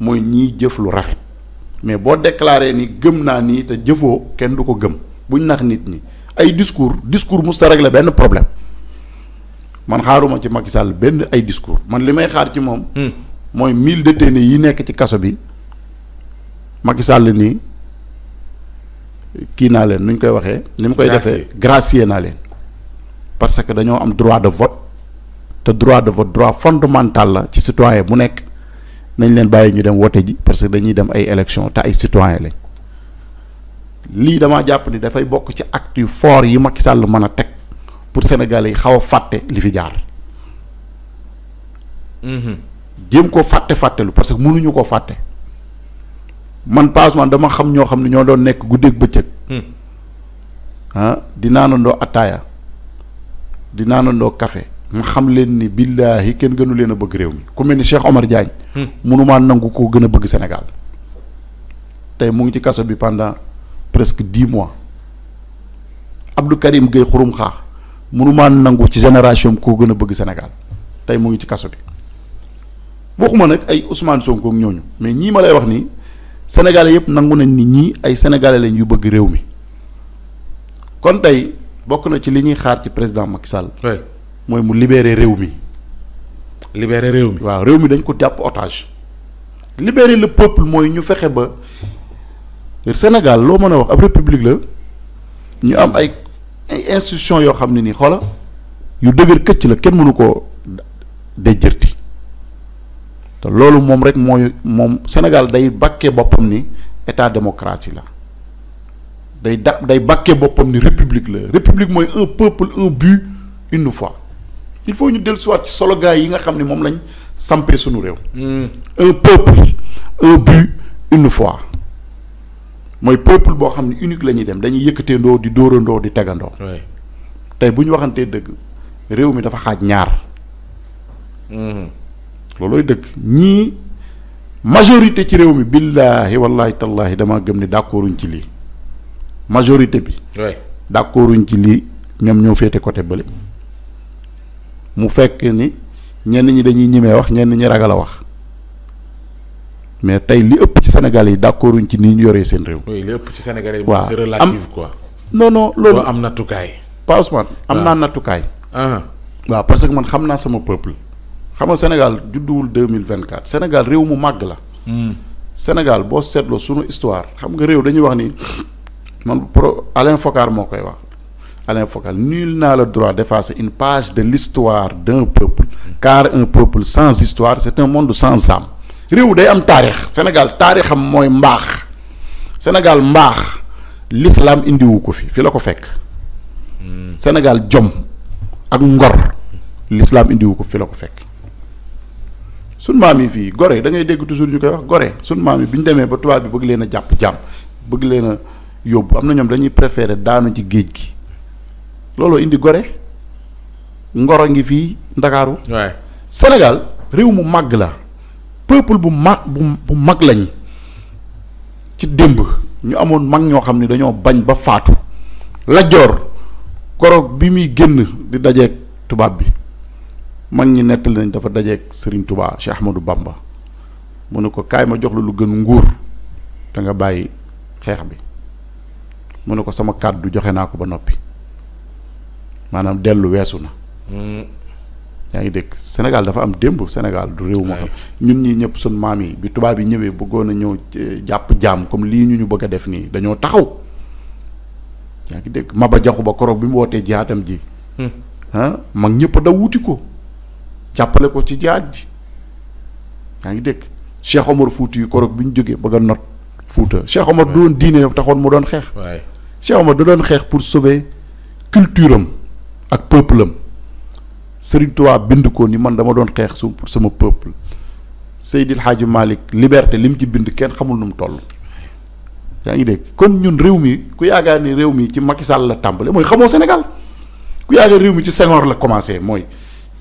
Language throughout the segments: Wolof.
mooy ñiy jëf lu rafet mais boo déclaré ni gëm naa nii te jëfoo kenn du ko gëm buñ nax nit ñi ay discours discours musta régler benn problème man xaaruma ci Macky Sall benn ay discours man li may xaar ci moom. Hmm. mooy mille détenus yi nekk ci kaso bi Macky Sall nii kii naa leen nuñ koy waxee. ni mu koy defee gracier naa leen. parce que dañoo am droit de vote te droit de vote droit fondamental la ci citoyen bu nekk. nañ leen bàyyi ñu dem wote ji parce que dañuy dem ay élection te ay citoyen lañ lii damaa jàpp ni dafay bokk ci acte yu fort yi Macky Sall mën a teg pour sénégalais yi xaw a fàtte li fi jaar mm-hmm. jéem ko fàtte fàttelu parce que mënuñu koo fàtte man passement dama xam ñoo xam ne ñoo doon nekk guddeeg bëccëg hmm. ah di naanandoo attaaya di naanandoo kafe ma xam leen ni billaahi kenn gënu leen a bëgg réew mi ku mel ni Cheikh Omar Diagne. mënumaa hmm. nangu koo gën a bëgg senegal tey mu ngi ci kaso bi pendant presque dix mois Abdou Karim Gueye xurum xaa mënumaa nangu ci génération koo gën a bëgg Sénégal tey mu ngi ci kaso bi waxuma nag ay Ousmane Sonko ak ñooñu mais ñii ma lay wax nii sénégalais yëpp nangu nañ ni ñii ay sénégalais yu bëgg réew mi kon tey bokk na ci li ñuy xaar ci président Macky Sall. mooy mu libérer réew mi. libérer réew mi waaw réew mi dañ ko jàpp otage. libérer la peuple mooy ñu fexe ba Sénégal loo mën a wax ab république la ñu am ay ay yoo xam ne nii xoola yu dëgër këcc la kenn mënu koo déjërti te loolu moom rek mooy moom Sénégal day bàkkee boppam ni état démocratie la day da day bàkkee boppam ni république la république mooy un peuple un but une foi il faut ñu dellusiwaat ci solo gaay yi nga xam ne moom lañ sampee suñu réew. Hmm. un peuple un but une foi mooy peuple boo xam ne unique la ñuy dem dañuy yëkkatee yëkkateendoo di dóorandoo di tegandoo. tey bu ñu waxantee dëgg réew mi dafa xaaj ñaar. Hmm. loolooy dëgg ñii majorité ci réew mi billaahi wallaahi tallaahi damaa gëm ne d'accorduñ ci lii majorité bi. d'accorduñ ci lii ñoom ñoo féete côté bële. mu fekk ni ñenn ñi dañuy ñimee wax ñenn ñi ragal a wax mais tey li ëpp ci Sénégal yi d'accorduñ ci ni ñu yoree seen réew. oui ci Sénégal yi. waaw c'est relatif quoi. non non loolu am nattukaay. Pa am ah. naa nattukaay. Ah. waa parce que man xam naa sama peuple. xam nga Sénégal judduwul deux mille vingt quatre senegal réew mu màgg la. Hmm. Sénégal boo seetloo sunu histoire xam nga réew dañuy wax ni man pro Alain Focar moo koy wax. Alain Focal nul n'a le droit d'effacer une page de l'histoire d'un peuple car un peuple sans histoire c'est un monde sans âme réew day am taarix Sénégal taarixam mooy mbaax Sénégal mbaax lislaam indiwu ko fi fi la ko fekk Sénégal jom ak ngor l'islam indiwu ko fi la ko fekk sun maam yi fii gore da ngay dégg toujours ñu koy wax gore sun maam yi bi ñu demee ba tubaab bi bëgg leen a jàpp jàmm bëgg leen a yóbbu am na ñoom dañuy préférer daanu ci géej gi looloo indi gore ngoro ngi fii ndakaaru Sénégal réew mu màgg la peuple bu mag bu mag lañ ci démb ñu amoon mag ñoo xam ne dañoo bañ ba faatu lajjoor koroog bi muy génn di dajeeg tubaab bi mag ñi nettali nañ dafa dajeeg sëriñ Touba Cheikh Ahmadou Bamba mu ne ko kaay ma jox la lu gën nguur te nga bàyyi xeex bi mu ne ko sama kàddu joxe naa ko ba noppi maanaam dellu weesu na. Hmm. yaa ngi dégg Sénégal dafa am démb Sénégal du réew ma xam ñun ñi ñëpp sun maam yi bi tubaab yi ñëwee bëggoon a ñëw eh, jàpp jaam comme lii ñu ñu bëgg a def nii dañoo taxaw yaa ngi dégg Maba Jaxu Ba koroog bi mu wootee jihaatam ji ah mag ñëpp a daw ko jàppale ko ci jihaat ji ngi dégg Cheikh Omar Fouti yu koroog ñu jógee bëgg a not Fouta Cheikh Omar doon taxoon mu doon xeex Cheikh Omar da doon xeex pour sauver culture ak peuple am Serigne Touba bind ko ni man dama doon xeex su pour sama peuple Seydil Hadji Malick liberté lim ci bind kenn xamul nu mu toll. yaa ngi dégg kon ñun réew mi ku yaakaar réew mi ci Macky Sall la tàmbale mooy xamoo Sénégal ku yaakaar mi ci Senghor la commencé mooy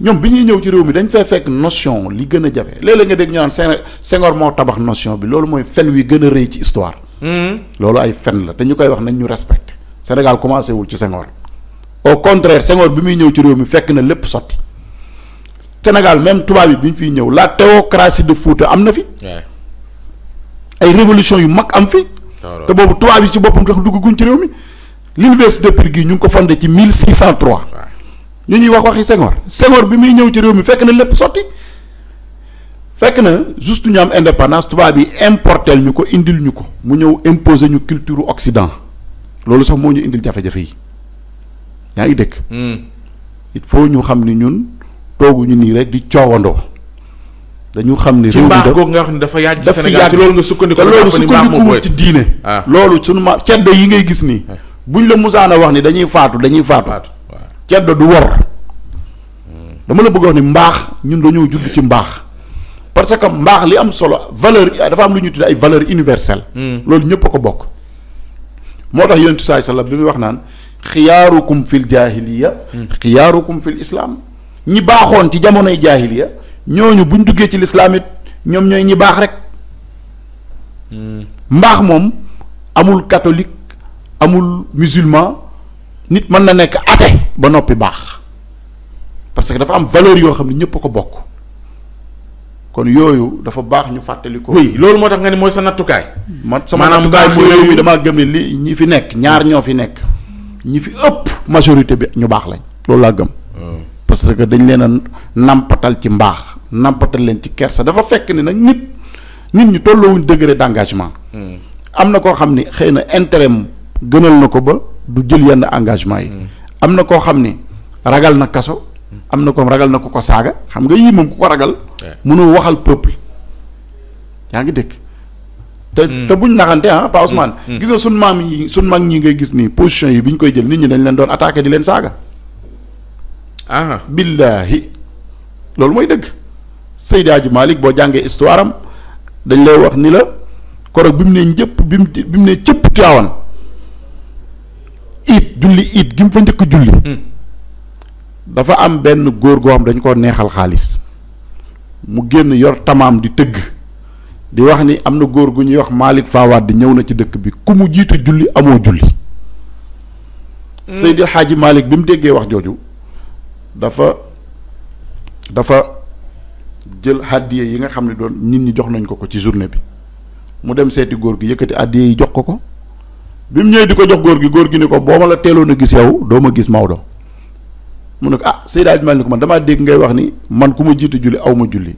ñoom bi ñuy ñëw ci réew mi dañ fay fekk notion li gën a jafe léeg nga dégg ñu naan Senghor moo tabax notion bi loolu mooy fen wi gën a rëy ci histoire. Hmm. loolu ay fen la dañu koy wax nañ ñu respecté Sénégal commencé wul ci Senghor. au contraire Senghor bi muy ñëw ci réew mi fekk na lépp sotti Sénégal même tubaab yi bi ñu fiy ñëw la théocratie de Fouta am na fi. ay révolution yu mag am fi. te boobu tubaab yi ci boppam tax dugguñ ci réew mi. l'université Pire gi ñu ngi ko fondé ci 1603. ñu ñuy wax waxi Senghor Senghor bi muy ñëw ci réew mi fekk na lépp sotti fekk na juste ñu am indépendance tubaab yi importel ñu ko indil ñu ko mu ñëw imposer ñu culture Occident loolu sax moo ñu indil jafe yi. yaa ngi dégg. Hmm. il faut ñu xam ni ñun tooguñu nii rek di coowandoo. dañu xam ni réew mi dafa ci mbaax googu nga wax ni dafa yaaj ci Sénégal ci loolu nga sukkandiku. te loolu sukkandikuwul ci diine. Ah. loolu sunu ma ceddo yi ngay gis nii. Ah. bu ñu la musaana wax ni dañuy faatu dañuy faatu. ceddo du wor. Hmm. dama la bëgg wax ni mbaax ñun dañoo judd ci mbaax. parce que mbaax li am solo valeur dafa am lu ñu tuddee ay valeur universelle. Hmm. loolu ñëpp ko bokk. moo tax yonent saay la bi muy wax naan xiyaarukum fil jaahiliya hmm. xiyaarukum fil islaam ñi baaxoon ci jamonoy jaahiliya ñooñu buñ duggee ci lislaamit ñoom ñooy ñi baax rek hmm. mbaax moom amul katolik amul musulman nit mën na nekk athée ba noppi baax parce que dafa am valeur yoo xam ne ñëpp ko bokk kon yooyu dafa baax ñu fàttali ko. loolu moo tax nga ni mooy sa nattukaay. man sama nattukaay mooy réew damaa gëm ne lii ñi fi nekk ñaar ñoo fi nekk ñi fi ëpp majorité bi ñu baax lañ. loolu laa gëm. Oh. parce que dañ leen a nampatal ci mbaax nampatal leen ci kersa dafa fekk ni nag nit nit ñu tolloowuñ degré d'engagement. Hmm. am na koo xam ni xëy na intérêt am gënal na ko ba du jël yenn engagement yi. Hmm. am na koo xam ni ragal na kaso. am na ko ragal na ko ko saaga xam nga yii moom ku ko ragal. mu mënoo waxal peuple yaa ngi dëkk te hmm. te buñ naxante ah Pa hmm. hmm. gis nga sunu maam yi sunu mag ñi ngay gis nii position yi bi ñu koy jël nit ñi dañ leen doon attaqué di leen saaga. ah billahi loolu mooy dëgg Seydi Hadji Malick boo jàngee histoire dañ lay wax ni la koroog bi mu ne njëpp bi mu bi mu ne cëpp Tiwaawan. iit julli iit gi mu fa njëkk julli. dafa am benn góor goo xam dañ ko neexal xaalis mu génn yor tamaam di tëgg di wax ni am na góor gu ñuy wax Malick fawaat di ñëw na ci dëkk bi ku mu jiitu julli amoo julli hmm. Seydi Xaaji Malick bi mu déggee wax jooju dafa dafa jël hàddiye yi nga xam ne doon nit ñi jox nañ ko ko ci journée bi mu dem seeti góor gi yëkkati hàddiye yi jox ko ko bi mu ñëwee di ko jox góor gi góor gi ni ko boo ma la teeloon a gis yow doo ma gis Maodo mu ne ko ah Seydi Hadji ni ko man damaa dégg ngay wax ni man ku ma jiitu julli aw ma julli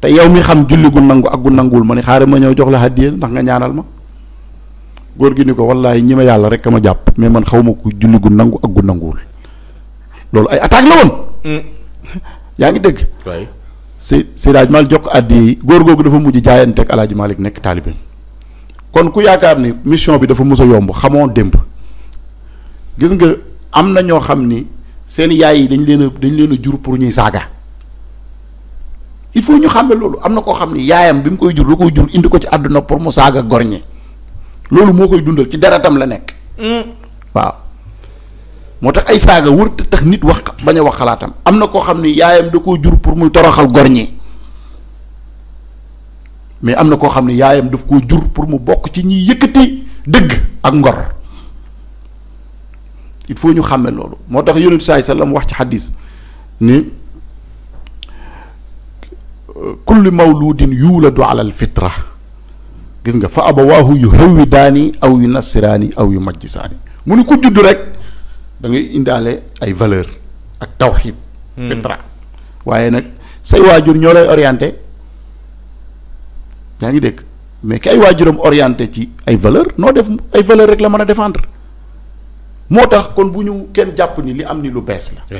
te yow mi xam julli gu nangu ak gu nanguwul ma ni xaaral ma ñëw jox la hadiya ndax nga ñaanal ma góor gi ni ko wallaahi ñi ma yàlla rek a ma jàpp mais man xaw ma ku julli gu nangu ak gu nanguwul loolu ay attaque la woon. Mm. yaa ngi dégg. waay Sey Seydi jox ko hadiya góor googu dafa mujj jaayanteeg El Hadji Malick nekk taalibe kon ku yaakaar ni mission bi dafa mos yomb xamoo démb gis nga am na ñoo xam ni. seen yaay yi dañ leen a dañ leen a jur pour ñuy saaga il faut ñu xàmme loolu am na koo xam ni yaayam bi mu koy jur da jur indi ko ci àdduna mu saaga gorñe loolu moo koy dundal ci deretam la nekk. Hmm. waaw moo tax ay saaga wër nit wax bañ a wax xalaatam am na koo xam ni yaayam da koy jur pour muy toroxal gorñe mais am na koo xam ni yaayam daf koo jur pour mu bokk ci ñiy yëkkati dëgg ak ngor. il faut ñu xàmme loolu moo tax yonent la mu wax ci xadis ni kullu mawludin yuuladu ala al fitra gis nga fa abawaahu yu hawwidaani aw yu nassiraani aw yu majjisaani mu ni ku judd rek da ngay indaale ay valeur ak tawxiid hmm. fitra waaye nag say waajur ñoo lay orienté yaa ngi dégg mais ki ay waajuram orienté ci ay valeur noo def ay valeur rek la mën a defendre moo tax kon bu ñu kenn jàpp ni li am ni lu bees la.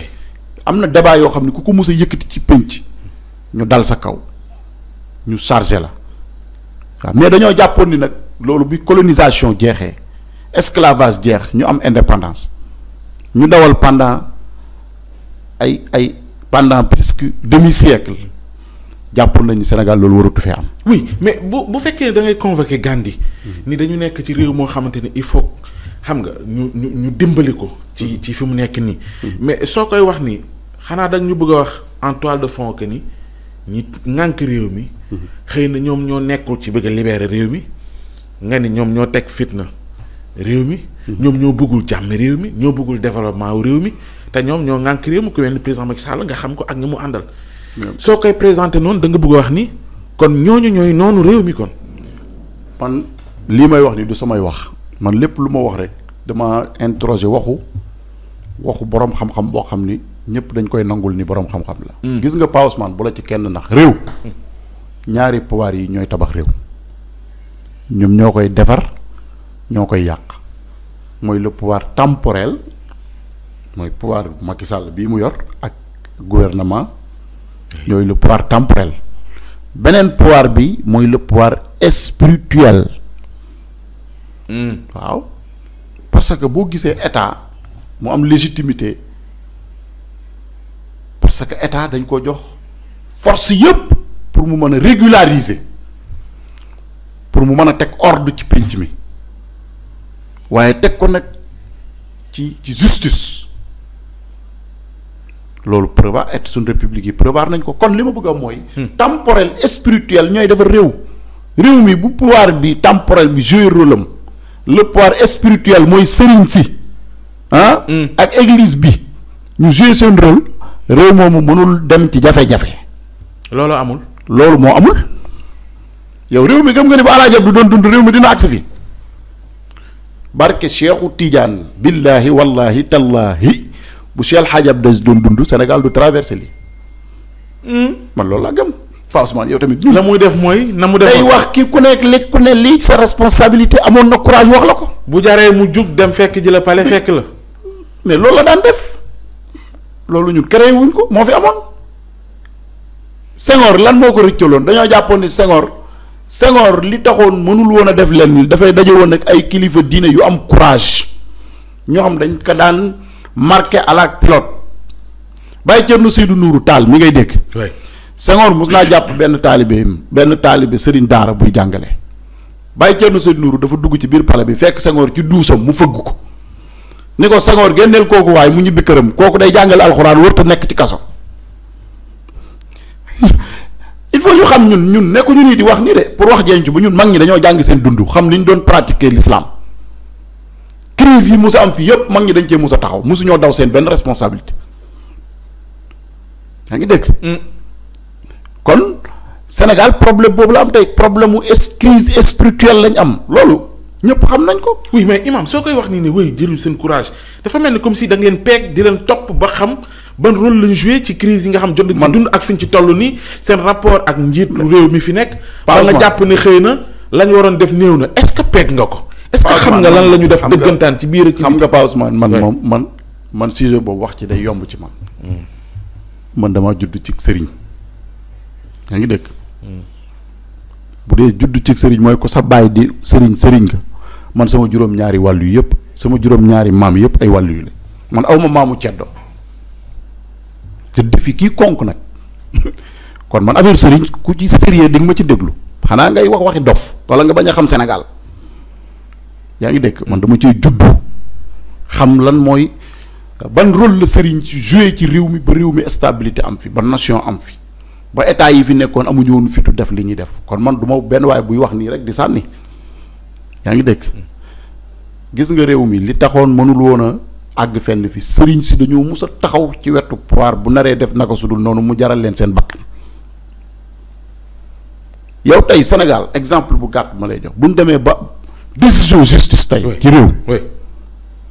am na débat yoo xam ne ku ko mës a ci pénc ñu dal sa kaw ñu chargé la waa mais dañoo jàppoon ni nag loolu bi colonisation jeexee esclavage jeex ñu am indépendance ñu dawal pendant ay ay pendant presque demi siècle jàppoon nañu Sénégal loolu waratu fee am. oui mais bu bu fekkee da ngay convoquer Gandhi. Hmm. ni dañu nekk ci réew moo xamante ne il faut. xam nga ñu ñu ñu dimbali ko. ci mm-hmm. ci fi mu nekk nii. Mm-hmm. mais soo koy wax ni xanaa dag ñu bëgg a wax en de fond que nii ñi ŋànk réew mi. Mm-hmm. xëy na ñoom ñoo nekkul ci bëgg a réew mi nga ni ñoom ñoo teg fitna réew mi. ñoom ñoo bëggul jàmm réew mi ñoo bëggul développement wu réew mi te ñoom ñoo ŋànk réew mi ku mel ni président Macky nga xam ko ak ñi mu àndal. soo koy présenté noonu da nga bëgg a wax ni kon ñooñu ñooy noonu réew mi kon. man lii may wax ni du samay wax. man lépp lu ma wax rek dama interroger waxu waxu borom xam-xam boo xam ni ñëpp dañ koy nangul ni borom xam-xam la. Hmm. gis nga Pa Ousmane la ci kenn nax réew. ñaari pouvoir yi ñooy tabax réew. ñoom ñoo koy defar ñoo koy yàq mooy le pouvoir temporel mooy pouvoir Macky Sall bii mu yor ak gouvernement. yooyu le pouvoir temporel. beneen pouvoir bi mooy le pouvoir spirituel. Hmm. waaw parce que boo gisee état mu am légitimité parce que état dañ ko jox force yëpp pour mu mën a régulariser pour mu mën a teg ordre ci pénc mi waaye teg ko nag ci ci justice loolu prévoir et suñu république yi prévoir nañ ko kon li ma bëgg a mooy. Hmm. temporel spirituel ñooy defar réew. réew mi bu pouvoir bi temporel bi joué rôle am le pouvoir spirituel mooy sëriñ si ah hmm. ak église bi ñu joué seen rôle réew moomu mënul dem ci jafe-jafe loolu amul loolu moo amul yow réew mi gëm nga ni ba alaajab du doon dund réew mi dina agsi fi barke Cheikhu Tidiane billahi wallahi tallahi bu Cheikh Hadj Abdou doon dund Sénégal du traversé lii hmm. man loolu laa gëm Fa Ousmane yow tamit. na muy def mooy na mu def. day wax ki ku nekk li ku ne lii sa responsabilité amoon na courage wax la ko. bu jaree mu jug dem fekk ji la pale fekk la. mais loolu la daan def loolu ñun créé wuñ ko moo fi amoon Senghor lan moo ko rëccaloon dañoo jàppoon ni Senghor Senghor li taxoon mënul woon a def lenn dafay daje woon ak ay kilifa diine yu am courage ñoo xam dañ ko daan marqué à la pilote bàyyi Thierno Seydou Nourou Tall mi ngay dégg. Senghor mos naa jàpp benn taalibeem benn taalibe sëriñ daara buy jàngale bàyyi Thierno seen Nourou dafa dugg ci biir pale bi fekk Senghor ci duusam mu fëgg ko ni ko Senghor génneel kooku waaye mu ñibbi këram kooku day jàngale alxuraan warut nekk ci kaso il faut yu xam ñun ñun nekkuñu nii di wax nii de pour wax jeencu bu ñun mag ñi dañoo jàng seen dund xam li ñu doon pratiquer l'islam crise yi mus am fii yëpp mag ñi dañ cee mus a taxaw mosuñoo daw seen benn responsabilité ngi kon Sénégal problème boobu la am tey problème mu es crise spirituelle lañ am loolu ñëpp xam nañ ko. oui mais imaam soo koy wax nii ne wéy jëlu seen courage dafa mel ni comme si da ngeen peeg di topp ba xam ban rôle ci crise yi nga xam. jot nañ dund ak fi ñu toll nii seen rapport ak njiit réew mi nekk. ba nga jàpp ne xëy na la waroon def néew na est-ce nga ko. est xam nga lan la ñu def dëggantaan ci biir. xam nga Pa Ousmane man moom man man sujet boobu wax ci day yomb ci man. Hmm. man dama judd ci sëriñ yaa ngi dégg. bu dee judd ci sëriñ mooy ko sa baay di sëriñ sëriñ nga man sama juróom-ñaari wàllu yu yëpp sama juróom-ñaari maam yëpp ay wàll yu la man awma maamu ceddo te defi kii konk nag kon man affaire sëriñ ku ci sérieux di ma ci déglu xanaa ngay wax waxi dof wala nga bañ a xam senegal yaa ngi dégg man dama ci judd xam lan mooy ban rôle la sëriñ ci joué ci réew mi ba réew mi stabilité am fi ba nation am fi ba état yi fi nekkoon amuñu woon fitu def li ñuy def kon man du ma benn waaye buy wax nii rek di sànni yaa ngi dégg gis nga réew mi li taxoon mënul woon a àgg fenn fi sëriñ si dañoo mus a taxaw ci wetu poir bu naree def naka sudul noonu mu jaral leen seen bakkan yow tey Sénégal exemple bu gàtt ma lay jox bu ñu demee ba décision justice tey ci réew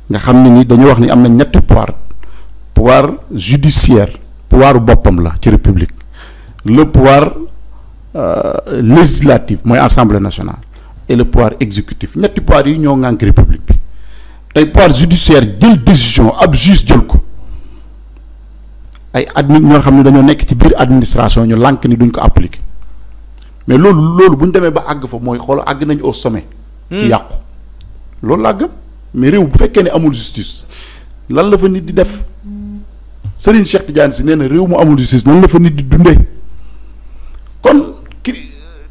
nga xam ne ni dañu wax ni am na ñetti pouvoir pouvoir judiciaire pouvoiru boppam la ci république le pouvoir euh, législatif mooy assemblée nationale et le pouvoir exécutif ñetti pouvoir yi ñoo ŋànk république bi tey pouvoir judiciaire jël décision ab juge jël ko ay admi ñoo xam ne dañoo nekk ci biir administration ñu lànk ni duñ ko appliquer mais loolu loolu bu ñu demee ba àgg fa mooy xool àgg nañu au sommet. Hmm. ci yàqu loolu laa gëm mais réew bu fekkee ne amul justice lan la fa nit di def hmm. Serigne Cheikh Tidiane si nee na réew mu amul justice lan la fa nit di dundee. kon ki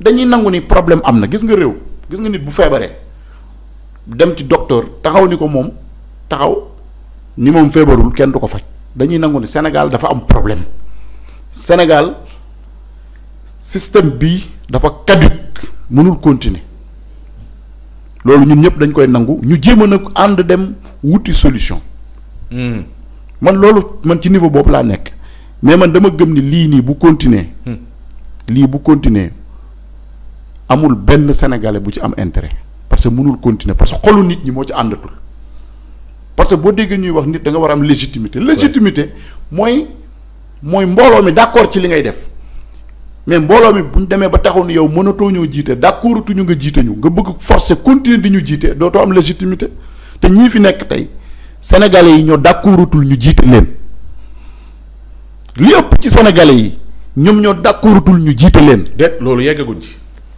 dañuy nangu ni problème am na gis nga réew gis nga nit bu feebaree dem ci docteur taxaw ni ko moom taxaw ni moom feebarul kenn du ko faj dañuy nangu ni Sénégal dafa am problème Sénégal système bi dafa caduc mënul continuer loolu ñun ñëpp dañ koy nangu ñu jéem a nag ànd dem wuti solution. Hmm. man loolu man ci niveau boobu laa nekk mais man dama gëm ni lii nii bu continuer hmm. lii bu continuer amul benn sénégalais bu ci am intérêt parce que mënul continuer parce que xolu nit ñi moo ci àndatul parce que boo déggee ñuy wax nit da nga war a am légitimité légitimité mooy mooy mbooloo mi d'accord ci li ngay def mais mbooloo mi bu ñu demee ba taxaw yow mënatoo ñoo jiite d'accord tuñu nga jiite nga bëgg forcer continuer di ñu jiite dootoo am légitimité te ñii fi nekk tey sénégalais yi ñoo d'accordutul ñu jiite leen li ëpp ci sénégalais yi ñoom ñoo d'accordutul ñu jiite leen. déet loolu yeggaguñ ji